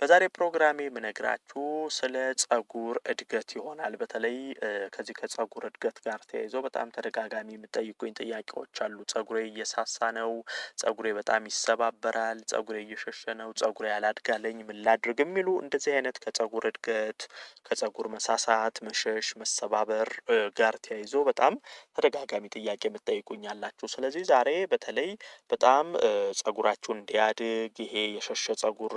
በዛሬ ፕሮግራሜ የምነግራችሁ ስለ ፀጉር እድገት ይሆናል። በተለይ ከዚህ ከጸጉር እድገት ጋር ተያይዞ በጣም ተደጋጋሚ የምጠይቁኝ ጥያቄዎች አሉ። ጸጉሬ እየሳሳ ነው፣ ፀጉሬ በጣም ይሰባበራል፣ ጸጉሬ እየሸሸ ነው፣ ጸጉሬ ያላድጋለኝ፣ ምን ላድርግ የሚሉ እንደዚህ አይነት ከፀጉር እድገት፣ ከፀጉር መሳሳት፣ መሸሽ፣ መሰባበር ጋር ተያይዞ በጣም ተደጋጋሚ ጥያቄ የምጠይቁኝ አላችሁ። ስለዚህ ዛሬ በተለይ በጣም ፀጉራችሁ እንዲያድግ ይሄ የሸሸ ጸጉር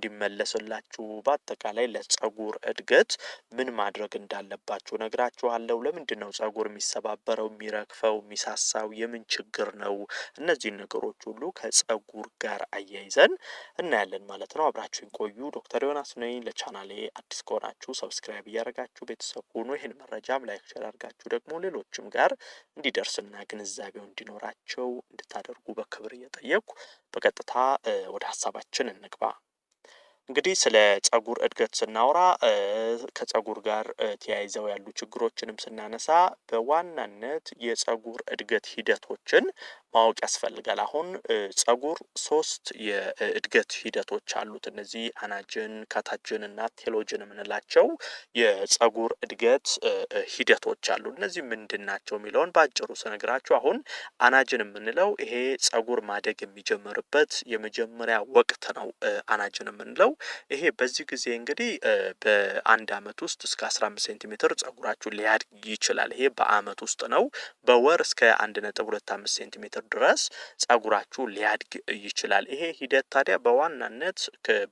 እንዲመለስላችሁ በአጠቃላይ ለጸጉር እድገት ምን ማድረግ እንዳለባችሁ ነግራችኋለሁ። ለምንድን ነው ጸጉር የሚሰባበረው፣ የሚረግፈው፣ የሚሳሳው የምን ችግር ነው? እነዚህን ነገሮች ሁሉ ከጸጉር ጋር አያይዘን እናያለን ማለት ነው። አብራችሁን ቆዩ። ዶክተር ዮናስ ነኝ። ለቻናሌ አዲስ ከሆናችሁ ሰብስክራይብ እያደረጋችሁ ቤተሰብ ሆኖ ይህን መረጃም ላይክ ሸር አድርጋችሁ ደግሞ ሌሎችም ጋር እንዲደርስና ግንዛቤው እንዲኖራቸው እንድታደርጉ በክብር እየጠየቅኩ በቀጥታ ወደ ሀሳባችን እንግባ። እንግዲህ ስለ ጸጉር እድገት ስናወራ ከጸጉር ጋር ተያይዘው ያሉ ችግሮችንም ስናነሳ በዋናነት የጸጉር እድገት ሂደቶችን ማወቅ ያስፈልጋል። አሁን ጸጉር ሶስት የእድገት ሂደቶች አሉት። እነዚህ አናጅን፣ ካታጅን እና ቴሎጅን የምንላቸው የጸጉር እድገት ሂደቶች አሉ። እነዚህ ምንድን ናቸው የሚለውን በአጭሩ ስነግራችሁ አሁን አናጅን የምንለው ይሄ ጸጉር ማደግ የሚጀምርበት የመጀመሪያ ወቅት ነው። አናጅን የምንለው ይሄ በዚህ ጊዜ እንግዲህ በአንድ አመት ውስጥ እስከ አስራ አምስት ሴንቲሜትር ጸጉራችሁ ሊያድግ ይችላል። ይሄ በአመት ውስጥ ነው። በወር እስከ አንድ ነጥብ ሁለት አምስት ሴንቲሜትር ሜትር ድረስ ጸጉራችሁ ሊያድግ ይችላል። ይሄ ሂደት ታዲያ በዋናነት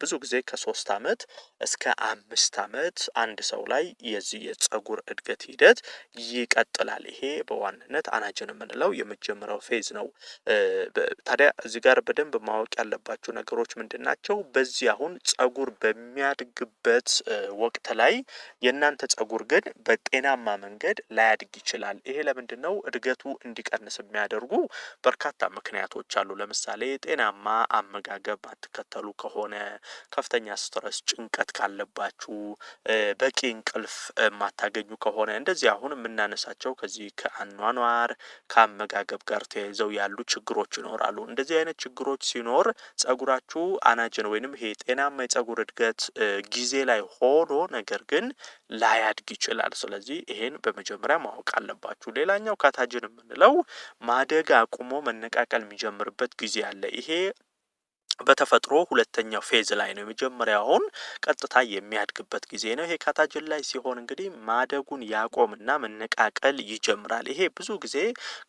ብዙ ጊዜ ከሶስት አመት እስከ አምስት አመት አንድ ሰው ላይ የዚህ የጸጉር እድገት ሂደት ይቀጥላል። ይሄ በዋናነት አናጅን የምንለው የመጀመሪያው ፌዝ ነው። ታዲያ እዚህ ጋር በደንብ ማወቅ ያለባቸው ነገሮች ምንድን ናቸው? በዚህ አሁን ጸጉር በሚያድግበት ወቅት ላይ የእናንተ ጸጉር ግን በጤናማ መንገድ ላያድግ ይችላል። ይሄ ለምንድን ነው? እድገቱ እንዲቀንስ የሚያደርጉ በርካታ ምክንያቶች አሉ። ለምሳሌ ጤናማ አመጋገብ አትከተሉ ከሆነ፣ ከፍተኛ ስትረስ፣ ጭንቀት ካለባችሁ፣ በቂ እንቅልፍ የማታገኙ ከሆነ እንደዚህ አሁን የምናነሳቸው ከዚህ ከአኗኗር ከአመጋገብ ጋር ተያይዘው ያሉ ችግሮች ይኖራሉ። እንደዚህ አይነት ችግሮች ሲኖር ጸጉራችሁ አናጅን ወይንም ይሄ ጤናማ የጸጉር እድገት ጊዜ ላይ ሆኖ ነገር ግን ላያድግ ይችላል። ስለዚህ ይሄን በመጀመሪያ ማወቅ አለባችሁ። ሌላኛው ካታጅን የምንለው ማደግ አቁም ደግሞ መነቃቀል የሚጀምርበት ጊዜ አለ። ይሄ በተፈጥሮ ሁለተኛው ፌዝ ላይ ነው። የመጀመሪያውን ቀጥታ የሚያድግበት ጊዜ ነው። ይሄ ካታጅን ላይ ሲሆን እንግዲህ ማደጉን ያቆምና መነቃቀል ይጀምራል። ይሄ ብዙ ጊዜ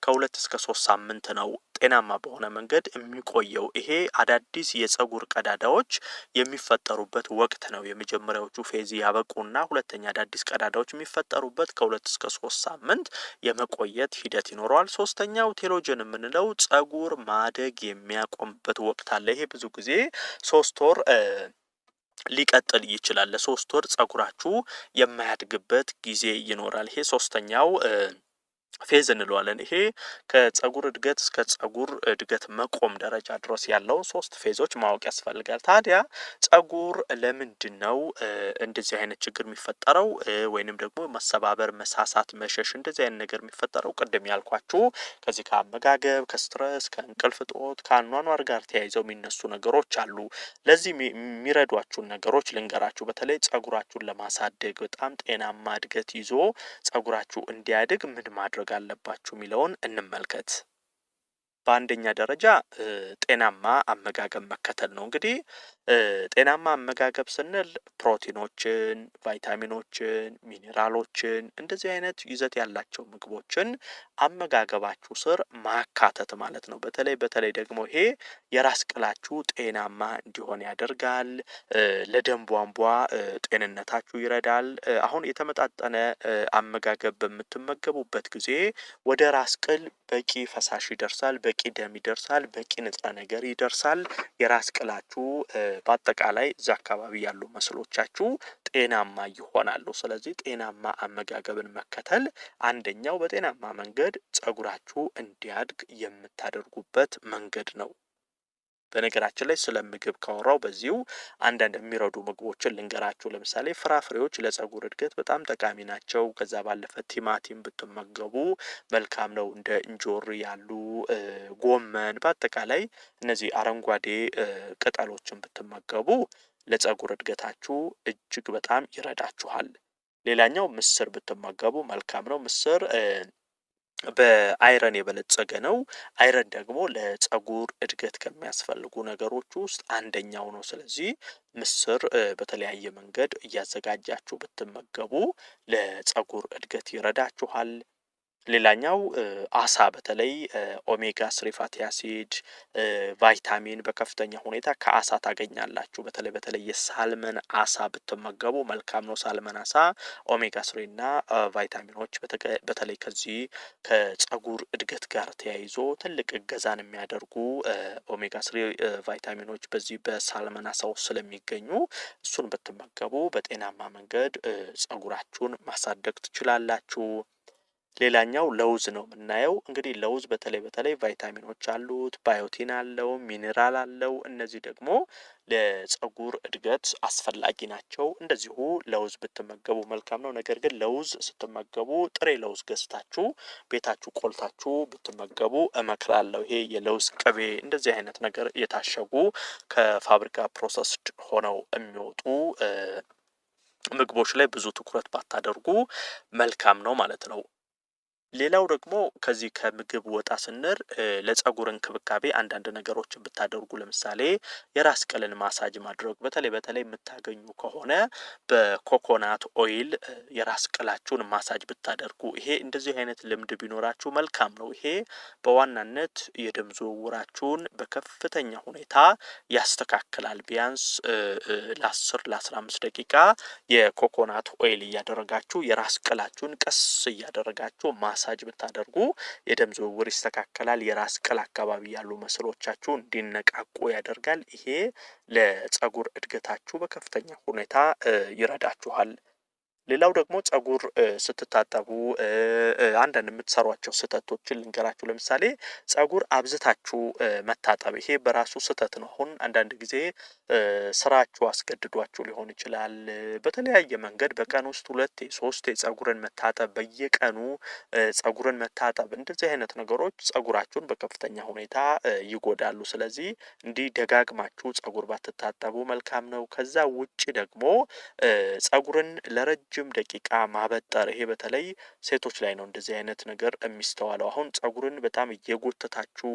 ከሁለት እስከ ሶስት ሳምንት ነው ጤናማ በሆነ መንገድ የሚቆየው ይሄ አዳዲስ የጸጉር ቀዳዳዎች የሚፈጠሩበት ወቅት ነው። የመጀመሪያዎቹ ፌዝ ያበቁና ሁለተኛ አዳዲስ ቀዳዳዎች የሚፈጠሩበት ከሁለት እስከ ሶስት ሳምንት የመቆየት ሂደት ይኖረዋል። ሶስተኛው ቴሎጀን የምንለው ጸጉር ማደግ የሚያቆምበት ወቅት አለ። ይሄ ብዙ ጊዜ ሶስት ወር ሊቀጥል ይችላል። ለሶስት ወር ጸጉራችሁ የማያድግበት ጊዜ ይኖራል። ይሄ ሶስተኛው ፌዝ እንለዋለን። ይሄ ከጸጉር እድገት እስከ ጸጉር እድገት መቆም ደረጃ ድረስ ያለው ሶስት ፌዞች ማወቅ ያስፈልጋል። ታዲያ ጸጉር ለምንድን ነው እንደዚህ አይነት ችግር የሚፈጠረው ወይንም ደግሞ መሰባበር፣ መሳሳት፣ መሸሽ እንደዚህ አይነት ነገር የሚፈጠረው ቅድም ያልኳችሁ ከዚህ ከአመጋገብ፣ ከስትረስ፣ ከእንቅልፍ ጦት፣ ከአኗኗር ጋር ተያይዘው የሚነሱ ነገሮች አሉ። ለዚህ የሚረዷችሁን ነገሮች ልንገራችሁ። በተለይ ጸጉራችሁን ለማሳደግ በጣም ጤናማ እድገት ይዞ ጸጉራችሁ እንዲያድግ ምን ማድረግ ማድረግ አለባችሁ የሚለውን እንመልከት። በአንደኛ ደረጃ ጤናማ አመጋገብ መከተል ነው። እንግዲህ ጤናማ አመጋገብ ስንል ፕሮቲኖችን፣ ቫይታሚኖችን፣ ሚኔራሎችን እንደዚህ አይነት ይዘት ያላቸው ምግቦችን አመጋገባችሁ ስር ማካተት ማለት ነው። በተለይ በተለይ ደግሞ ይሄ የራስ ቅላችሁ ጤናማ እንዲሆን ያደርጋል። ለደም ቧንቧ ጤንነታችሁ ይረዳል። አሁን የተመጣጠነ አመጋገብ በምትመገቡበት ጊዜ ወደ ራስ ቅል በቂ ፈሳሽ ይደርሳል፣ በቂ ደም ይደርሳል፣ በቂ ንጥረ ነገር ይደርሳል። የራስ ቅላችሁ በአጠቃላይ እዚ አካባቢ ያሉ መስሎቻችሁ ጤናማ ይሆናሉ። ስለዚህ ጤናማ አመጋገብን መከተል አንደኛው በጤናማ መንገድ ጸጉራችሁ እንዲያድግ የምታደርጉበት መንገድ ነው። በነገራችን ላይ ስለ ምግብ ካወራው በዚሁ አንዳንድ የሚረዱ ምግቦችን ልንገራችሁ። ለምሳሌ ፍራፍሬዎች ለጸጉር እድገት በጣም ጠቃሚ ናቸው። ከዛ ባለፈ ቲማቲም ብትመገቡ መልካም ነው። እንደ እንጆሪ ያሉ ጎመን፣ በአጠቃላይ እነዚህ አረንጓዴ ቅጠሎችን ብትመገቡ ለጸጉር እድገታችሁ እጅግ በጣም ይረዳችኋል። ሌላኛው ምስር ብትመገቡ መልካም ነው። ምስር በአይረን የበለጸገ ነው። አይረን ደግሞ ለጸጉር እድገት ከሚያስፈልጉ ነገሮች ውስጥ አንደኛው ነው። ስለዚህ ምስር በተለያየ መንገድ እያዘጋጃችሁ ብትመገቡ ለጸጉር እድገት ይረዳችኋል። ሌላኛው አሳ በተለይ ኦሜጋ ስሪ ፋቲ አሲድ ቫይታሚን በከፍተኛ ሁኔታ ከአሳ ታገኛላችሁ። በተለይ በተለይ የሳልመን አሳ ብትመገቡ መልካም ነው። ሳልመን አሳ ኦሜጋ ስሪ እና ቫይታሚኖች በተለይ ከዚህ ከጸጉር እድገት ጋር ተያይዞ ትልቅ እገዛን የሚያደርጉ ኦሜጋ ስሪ ቫይታሚኖች በዚህ በሳልመን አሳ ውስጥ ስለሚገኙ እሱን ብትመገቡ በጤናማ መንገድ ጸጉራችሁን ማሳደግ ትችላላችሁ። ሌላኛው ለውዝ ነው የምናየው። እንግዲህ ለውዝ በተለይ በተለይ ቫይታሚኖች አሉት፣ ባዮቲን አለው፣ ሚኔራል አለው። እነዚህ ደግሞ ለፀጉር እድገት አስፈላጊ ናቸው። እንደዚሁ ለውዝ ብትመገቡ መልካም ነው። ነገር ግን ለውዝ ስትመገቡ ጥሬ ለውዝ ገዝታችሁ ቤታችሁ ቆልታችሁ ብትመገቡ እመክራለሁ። ይሄ የለውዝ ቅቤ እንደዚህ አይነት ነገር የታሸጉ ከፋብሪካ ፕሮሰስድ ሆነው የሚወጡ ምግቦች ላይ ብዙ ትኩረት ባታደርጉ መልካም ነው ማለት ነው። ሌላው ደግሞ ከዚህ ከምግብ ወጣ ስንር ለጸጉር እንክብካቤ አንዳንድ ነገሮችን ብታደርጉ ለምሳሌ የራስ ቅልን ማሳጅ ማድረግ በተለይ በተለይ የምታገኙ ከሆነ በኮኮናት ኦይል የራስ ቅላችሁን ማሳጅ ብታደርጉ ይሄ እንደዚህ አይነት ልምድ ቢኖራችሁ መልካም ነው። ይሄ በዋናነት የደም ዝውውራችሁን በከፍተኛ ሁኔታ ያስተካክላል። ቢያንስ ለአስር ለአስራ አምስት ደቂቃ የኮኮናት ኦይል እያደረጋችሁ የራስ ቅላችሁን ቀስ እያደረጋችሁ ማሳጅ ብታደርጉ የደም ዝውውር ይስተካከላል። የራስ ቅል አካባቢ ያሉ መስሎቻችሁ እንዲነቃቁ ያደርጋል። ይሄ ለጸጉር እድገታችሁ በከፍተኛ ሁኔታ ይረዳችኋል። ሌላው ደግሞ ጸጉር ስትታጠቡ አንዳንድ የምትሰሯቸው ስህተቶችን ልንገራችሁ። ለምሳሌ ጸጉር አብዝታችሁ መታጠብ፣ ይሄ በራሱ ስህተት ነው። አሁን አንዳንድ ጊዜ ስራችሁ አስገድዷችሁ ሊሆን ይችላል። በተለያየ መንገድ በቀን ውስጥ ሁለቴ ሶስቴ ጸጉርን መታጠብ፣ በየቀኑ ጸጉርን መታጠብ፣ እንደዚህ አይነት ነገሮች ጸጉራችሁን በከፍተኛ ሁኔታ ይጎዳሉ። ስለዚህ እንዲህ ደጋግማችሁ ጸጉር ባትታጠቡ መልካም ነው። ከዛ ውጭ ደግሞ ጸጉርን ለረጅ ረጅም ደቂቃ ማበጠር፣ ይሄ በተለይ ሴቶች ላይ ነው እንደዚህ አይነት ነገር የሚስተዋለው። አሁን ጸጉርን በጣም እየጎተታችሁ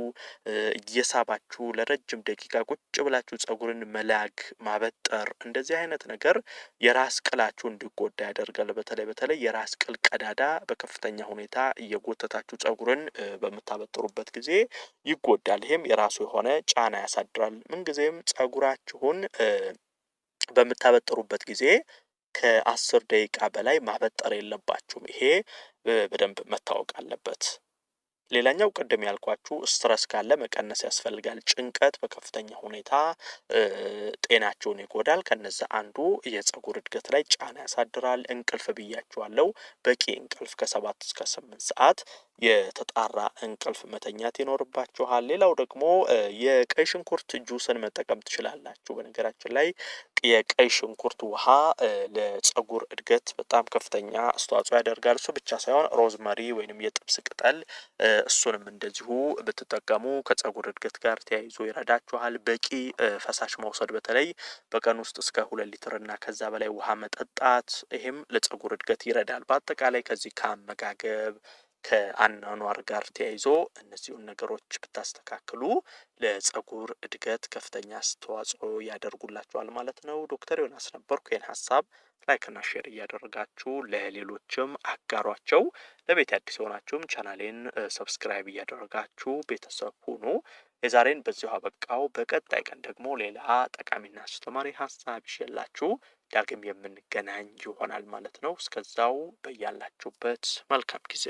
እየሳባችሁ ለረጅም ደቂቃ ቁጭ ብላችሁ ጸጉርን መላግ፣ ማበጠር እንደዚህ አይነት ነገር የራስ ቅላችሁ እንዲጎዳ ያደርጋል። በተለይ በተለይ የራስ ቅል ቀዳዳ በከፍተኛ ሁኔታ እየጎተታችሁ ጸጉርን በምታበጥሩበት ጊዜ ይጎዳል። ይሄም የራሱ የሆነ ጫና ያሳድራል። ምንጊዜም ጸጉራችሁን በምታበጥሩበት ጊዜ ከአስር ደቂቃ በላይ ማበጠር የለባችሁም። ይሄ በደንብ መታወቅ አለበት። ሌላኛው ቅድም ያልኳችሁ ስትረስ ካለ መቀነስ ያስፈልጋል። ጭንቀት በከፍተኛ ሁኔታ ጤናቸውን ይጎዳል። ከነዛ አንዱ የፀጉር እድገት ላይ ጫና ያሳድራል። እንቅልፍ ብያችኋለሁ። በቂ እንቅልፍ ከሰባት እስከ ስምንት ሰዓት የተጣራ እንቅልፍ መተኛት ይኖርባችኋል። ሌላው ደግሞ የቀይ ሽንኩርት ጁስን መጠቀም ትችላላችሁ። በነገራችን ላይ የቀይ ሽንኩርት ውሃ ለፀጉር እድገት በጣም ከፍተኛ አስተዋጽኦ ያደርጋል። እሱ ብቻ ሳይሆን ሮዝመሪ ወይንም የጥብስ ቅጠል እሱንም እንደዚሁ ብትጠቀሙ ከጸጉር እድገት ጋር ተያይዞ ይረዳችኋል። በቂ ፈሳሽ መውሰድ በተለይ በቀን ውስጥ እስከ ሁለት ሊትር እና ከዛ በላይ ውሃ መጠጣት፣ ይህም ለጸጉር እድገት ይረዳል። በአጠቃላይ ከዚህ ከአመጋገብ ከአኗኗር ጋር ተያይዞ እነዚሁን ነገሮች ብታስተካክሉ ለፀጉር እድገት ከፍተኛ አስተዋጽኦ ያደርጉላቸዋል ማለት ነው። ዶክተር ዮናስ ነበርኩ። ይህን ሀሳብ ላይክና ሼር እያደረጋችሁ ለሌሎችም አጋሯቸው። ለቤት አዲስ የሆናችሁም ቻናሌን ሰብስክራይብ እያደረጋችሁ ቤተሰብ ሁኑ። የዛሬን በዚሁ አበቃው። በቀጣይ ቀን ደግሞ ሌላ ጠቃሚና አስተማሪ ሀሳብ ይሸላችሁ ዳግም የምንገናኝ ይሆናል ማለት ነው። እስከዛው በያላችሁበት መልካም ጊዜ